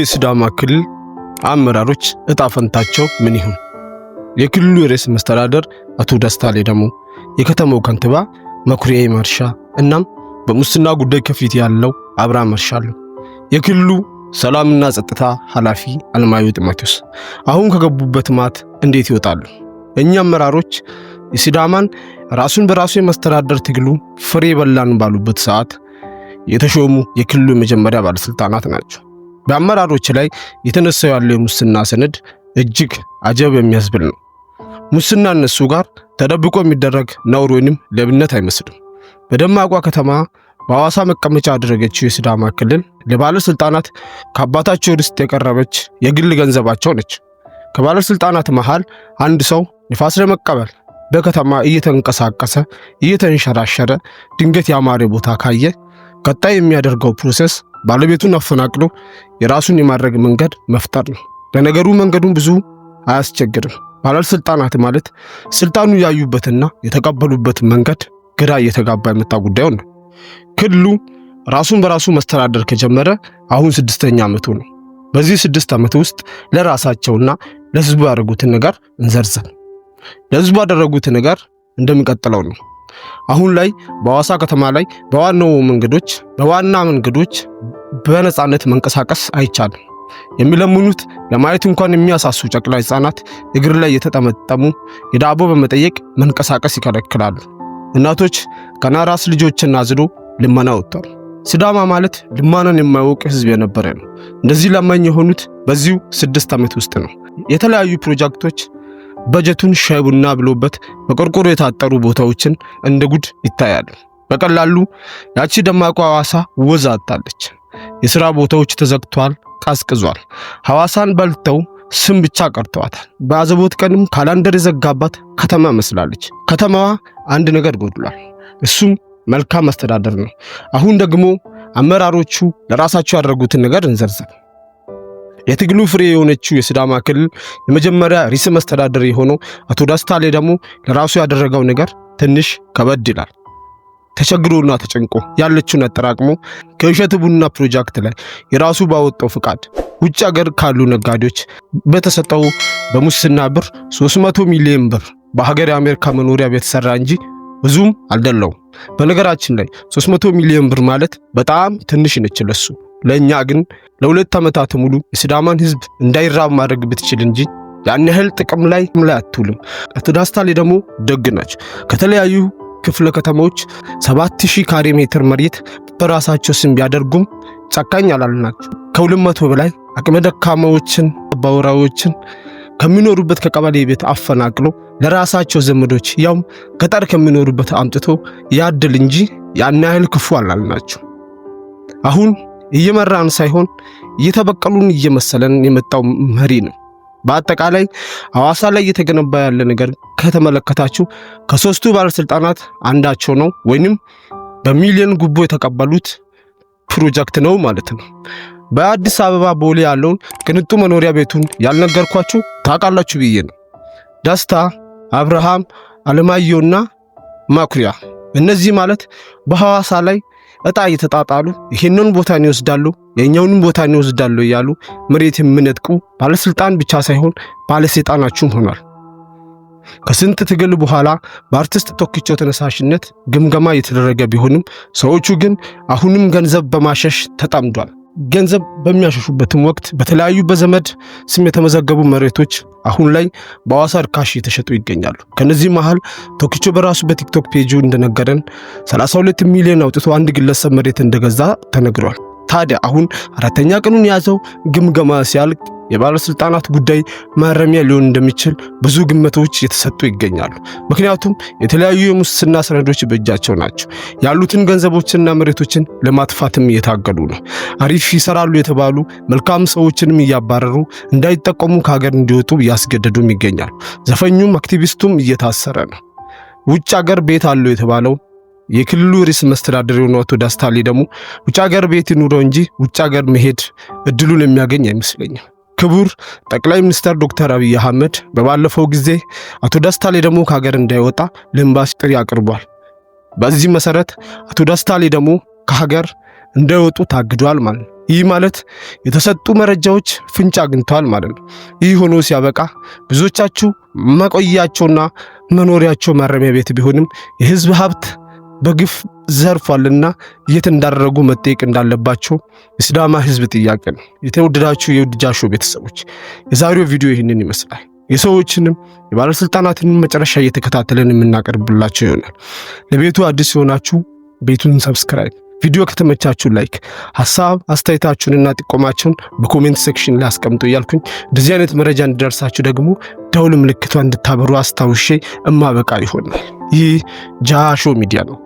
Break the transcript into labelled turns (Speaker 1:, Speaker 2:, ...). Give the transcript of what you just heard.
Speaker 1: የሲዳማ ክልል አመራሮች እጣ ፈንታቸው ምን ይሁን? የክልሉ ርዕሰ መስተዳደር አቶ ደስታ ሌዳሞ፣ የከተማው ከንቲባ መኩሪያ መርሻ እናም በሙስና ጉዳይ ከፊት ያለው አብርሃም መርሻ አሉ። የክልሉ ሰላምና ጸጥታ ኃላፊ አለማየሁ ጢሞቴዎስ አሁን ከገቡበት ማት እንዴት ይወጣሉ? እኛ አመራሮች የሲዳማን ራሱን በራሱ የመስተዳደር ትግሉ ፍሬ በላን ባሉበት ሰዓት የተሾሙ የክልሉ የመጀመሪያ ባለስልጣናት ናቸው። በአመራሮች ላይ የተነሳው ያለው የሙስና ሰነድ እጅግ አጀብ የሚያስብል ነው። ሙስና እነሱ ጋር ተደብቆ የሚደረግ ነውር ወይንም ሌብነት አይመስልም። በደማቋ ከተማ በሐዋሳ መቀመጫ ያደረገችው የሲዳማ ክልል ለባለስልጣናት ከአባታቸው ርስት የቀረበች የግል ገንዘባቸው ነች። ከባለስልጣናት መሃል አንድ ሰው ንፋስ ለመቀበል በከተማ እየተንቀሳቀሰ እየተንሸራሸረ ድንገት ያማረ ቦታ ካየ ቀጣይ የሚያደርገው ፕሮሰስ ባለቤቱን አፈናቅሎ የራሱን የማድረግ መንገድ መፍጠር ነው። ለነገሩ መንገዱን ብዙ አያስቸግርም። ባለስልጣናት ማለት ስልጣኑ ያዩበትና የተቀበሉበት መንገድ ግራ እየተጋባ የመጣ ጉዳዩ ነው። ክልሉ ራሱን በራሱ መስተዳደር ከጀመረ አሁን ስድስተኛ ዓመቱ ነው። በዚህ ስድስት ዓመት ውስጥ ለራሳቸውና ለህዝቡ ያደረጉትን ነገር እንዘርዘን። ለህዝቡ ያደረጉት ነገር እንደሚቀጥለው ነው። አሁን ላይ በሐዋሳ ከተማ ላይ በዋናው መንገዶች በዋና መንገዶች በነፃነት መንቀሳቀስ አይቻልም። የሚለምኑት ለማየት እንኳን የሚያሳሱ ጨቅላ ህጻናት እግር ላይ የተጠመጠሙ የዳቦ በመጠየቅ መንቀሳቀስ ይከለክላሉ። እናቶች ገና ራስ ልጆችን አዝሎ ልመና ወጥቷል። ሲዳማ ማለት ልማናን የማያውቅ ህዝብ የነበረ ነው። እንደዚህ ለማኝ የሆኑት በዚሁ ስድስት ዓመት ውስጥ ነው። የተለያዩ ፕሮጀክቶች በጀቱን ሻይ ቡና ብሎበት በቆርቆሮ የታጠሩ ቦታዎችን እንደ ጉድ ይታያሉ። በቀላሉ ያቺ ደማቁ ሐዋሳ ወዝ አጣለች። የሥራ ቦታዎች ተዘግቷል ቀዝቅዟል። ሐዋሳን በልተው ስም ብቻ ቀርተዋታል። በአዘቦት ቀንም ካላንደር የዘጋባት ከተማ መስላለች። ከተማዋ አንድ ነገር ጎድሏል፣ እሱም መልካም አስተዳደር ነው። አሁን ደግሞ አመራሮቹ ለራሳቸው ያደረጉትን ነገር እንዘርዘር። የትግሉ ፍሬ የሆነችው የስዳማ ክልል የመጀመሪያ ርዕሰ መስተዳደር የሆነው አቶ ደስታ ሌዳሞ ደግሞ ለራሱ ያደረገው ነገር ትንሽ ከበድ ይላል። ተቸግሮና ተጨንቆ ያለችውን አጠራቅሞ ከእሸት ቡና ፕሮጀክት ላይ የራሱ ባወጣው ፍቃድ ውጭ ሀገር ካሉ ነጋዴዎች በተሰጠው በሙስና ብር 300 ሚሊዮን ብር በሀገር የአሜሪካ መኖሪያ ቤት ሰራ እንጂ ብዙም አልደለውም። በነገራችን ላይ 300 ሚሊዮን ብር ማለት በጣም ትንሽ ነች ለሱ። ለእኛ ግን ለሁለት ዓመታት ሙሉ የሲዳማን ህዝብ እንዳይራብ ማድረግ ብትችል እንጂ ያን ያህል ጥቅም ላይ ላይ አትውልም። አቶ ዳስታሌ ደግሞ ደግ ናቸው። ከተለያዩ ክፍለ ከተማዎች 7000 ካሬ ሜትር መሬት በራሳቸው ስም ቢያደርጉም ጨካኝ አላልናቸው። ከ ከ200 በላይ አቅመ ደካማዎችን አባወራዎችን ከሚኖሩበት ከቀበሌ ቤት አፈናቅሎ ለራሳቸው ዘመዶች ያውም ገጠር ከሚኖሩበት አምጥቶ ያድል እንጂ ያን ያህል ክፉ አላልናቸው። አሁን እየመራን ሳይሆን እየተበቀሉን እየመሰለን የመጣው መሪ ነው። በአጠቃላይ ሐዋሳ ላይ እየተገነባ ያለ ነገር ከተመለከታችሁ ከሶስቱ ባለስልጣናት አንዳቸው ነው ወይንም በሚሊዮን ጉቦ የተቀበሉት ፕሮጀክት ነው ማለት ነው። በአዲስ አበባ ቦሌ ያለውን ቅንጡ መኖሪያ ቤቱን ያልነገርኳችሁ ታውቃላችሁ ብዬ ነው። ደስታ፣ አብርሃም፣ አለማየሁና ማኩሪያ እነዚህ ማለት በሐዋሳ ላይ እጣ እየተጣጣሉ ይሄንን ቦታን ይወስዳሉ የኛውንም ቦታን ይወስዳሉ እያሉ መሬት የሚነጥቁ ባለስልጣን ብቻ ሳይሆን ባለሰይጣናችሁም ሆኗል። ከስንት ትግል በኋላ በአርቲስት ቶክቾ ተነሳሽነት ግምገማ እየተደረገ ቢሆንም ሰዎቹ ግን አሁንም ገንዘብ በማሸሽ ተጠምዷል። ገንዘብ በሚያሸሹበትም ወቅት በተለያዩ በዘመድ ስም የተመዘገቡ መሬቶች አሁን ላይ በአዋሳ ርካሽ እየተሸጡ ይገኛሉ። ከነዚህ መሃል ቶኪቾ በራሱ በቲክቶክ ፔጁ እንደነገረን 32 ሚሊዮን አውጥቶ አንድ ግለሰብ መሬት እንደገዛ ተነግሯል። ታዲያ አሁን አራተኛ ቀኑን የያዘው ግምገማ ሲያልቅ የባለስልጣናት ጉዳይ ማረሚያ ሊሆን እንደሚችል ብዙ ግምቶች የተሰጡ ይገኛሉ። ምክንያቱም የተለያዩ የሙስና ሰነዶች በእጃቸው ናቸው። ያሉትን ገንዘቦችንና መሬቶችን ለማጥፋትም እየታገሉ ነው። አሪፍ ይሰራሉ የተባሉ መልካም ሰዎችንም እያባረሩ እንዳይጠቀሙ ከሀገር እንዲወጡ እያስገደዱም ይገኛሉ። ዘፈኙም አክቲቪስቱም እየታሰረ ነው። ውጭ ሀገር ቤት አለው የተባለው የክልሉ ርዕሰ መስተዳድር የሆነው አቶ ዳስታሌ ደግሞ ውጭ ሀገር ቤት ይኑረው እንጂ ውጭ ሀገር መሄድ እድሉን የሚያገኝ አይመስለኝም። ክቡር ጠቅላይ ሚኒስትር ዶክተር አብይ አህመድ በባለፈው ጊዜ አቶ ደስታ ደግሞ ከሀገር እንዳይወጣ ለኤምባሲ ጥሪ አቅርቧል። በዚህ መሰረት አቶ ደስታ ደግሞ ከሀገር እንዳይወጡ ታግዷል ማለት ነው። ይህ ማለት የተሰጡ መረጃዎች ፍንጭ አግኝተዋል ማለት ነው። ይህ ሆኖ ሲያበቃ ብዙዎቻችሁ መቆያቸውና መኖሪያቸው ማረሚያ ቤት ቢሆንም የህዝብ ሀብት በግፍ ዘርፏልና የት እንዳደረጉ መጠየቅ እንዳለባቸው የሲዳማ ህዝብ ጥያቄ ነው። የተወደዳችሁ የውድጃሾ ቤተሰቦች የዛሬው ቪዲዮ ይህንን ይመስላል። የሰዎችንም የባለስልጣናትንም መጨረሻ እየተከታተለን የምናቀርብላቸው ይሆናል። ለቤቱ አዲስ የሆናችሁ ቤቱን ሰብስክራይብ፣ ቪዲዮ ከተመቻችሁ ላይክ፣ ሀሳብ አስተያየታችሁንና ጥቆማችሁን በኮሜንት ሴክሽን ላይ አስቀምጡ እያልኩኝ እንደዚህ አይነት መረጃ እንዲደርሳችሁ ደግሞ ደውል ምልክቷ እንድታበሩ አስታውሼ እማበቃ ይሆናል። ይህ ጃሾ ሚዲያ ነው።